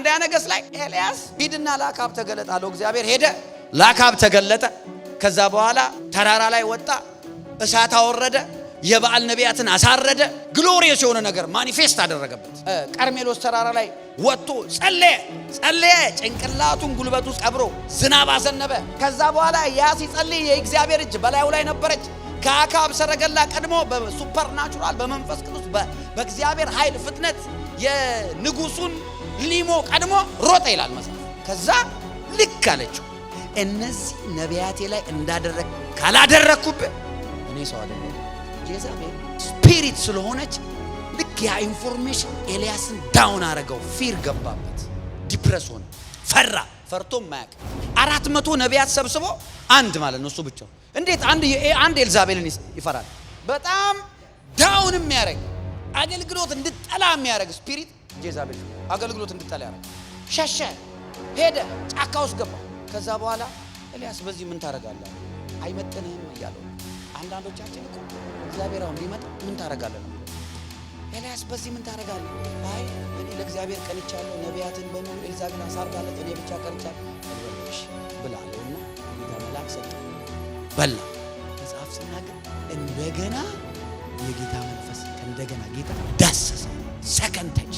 አንደኛ ነገስ ላይ ኤልያስ ሂድና ለአክዓብ ተገለጠ አለው። እግዚአብሔር ሄደ፣ ለአክዓብ ተገለጠ። ከዛ በኋላ ተራራ ላይ ወጣ፣ እሳት አወረደ፣ የበዓል ነቢያትን አሳረደ። ግሎሪየስ የሆነ ነገር ማኒፌስት አደረገበት። ቀርሜሎስ ተራራ ላይ ወጥቶ ጸለየ ጸለየ። ጭንቅላቱን ጉልበቱ ቀብሮ ዝናብ አዘነበ። ከዛ በኋላ ያ ሲጸልይ የእግዚአብሔር እጅ በላዩ ላይ ነበረች። ከአክዓብ ሰረገላ ቀድሞ በሱፐርናቹራል በመንፈስ ቅዱስ በእግዚአብሔር ኃይል ፍጥነት የንጉሱን ሊሞ ቀድሞ ሮጠ ይላል መጽሐፍ። ከዛ ልክ አለችው፣ እነዚህ ነቢያቴ ላይ እንዳደረግ ካላደረግኩብህ እኔ ሰው አይደለም። ጄዛቤል ስፒሪት ስለሆነች ልክ ያ ኢንፎርሜሽን ኤልያስን ዳውን አረገው። ፊር ገባበት፣ ዲፕረስ ሆነ፣ ፈራ። ፈርቶ ማያቅ አራት መቶ ነቢያት ሰብስቦ አንድ ማለት ነው እሱ ብቻው። እንዴት አንድ አንድ ኤልዛቤልን ይፈራል? በጣም ዳውን የሚያደርግ አገልግሎት እንድጠላ የሚያደርግ ስፒሪት ጄዛቤል አገልግሎት እንድጠላ ያደረግ። ሸሸ፣ ሄደ፣ ጫካ ውስጥ ገባ። ከዛ በኋላ ኤልያስ በዚህ ምን ታደርጋለህ? አይመጥንህም እያለው አንዳንዶቻችን እኮ እግዚአብሔር አሁን ሊመጣ ምን ታደርጋለህ ነው ኤልያስ በዚህ ምን ታደርጋለህ? አይ እኔ ለእግዚአብሔር ቀንቻለሁ፣ ነቢያትን በሙሉ ኤልዛቤል አሳርጋለት፣ እኔ ብቻ ቀንቻለሁ ብላለሁና ጌታ መልአክ ሰጠ። በላ መጽሐፍ ስናገር እንደገና የጌታ መንፈስ እንደገና ጌታ ዳሰሰ። ሰከንድ ሰከንተች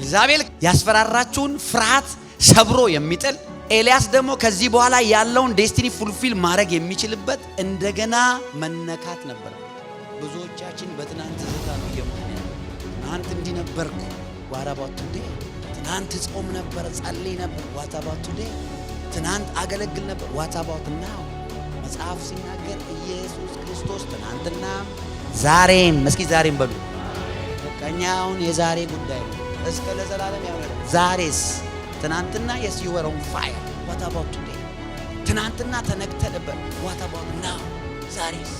ኤልዛቤል ያስፈራራችሁን ፍርሃት ሰብሮ የሚጥል ኤልያስ ደግሞ ከዚህ በኋላ ያለውን ዴስቲኒ ፉልፊል ማድረግ የሚችልበት እንደገና መነካት ነበር። ብዙዎቻችን በትናንት ዝታ ነው እየሞት ትናንት እንዲህ ነበርኩ ዋራባቱ ዴ ትናንት ጾም ነበር ጸልይ ነበር ዋታባቱ ዴ ትናንት አገለግል ነበር ዋታባቱ ናው መጽሐፍ ሲናገር ኢየሱስ ክርስቶስ ትናንትና ዛሬም እስኪ ዛሬም በሉ እኛ አሁን የዛሬ ጉዳይ እስከ ለዘላለም ያወራ ዛሬስ ትናንትና የስ ዩ ወር ዋት አባውት ቱዴይ ትናንትና ተነክተህ ነበር ዋት አባውት ናው ዛሬስ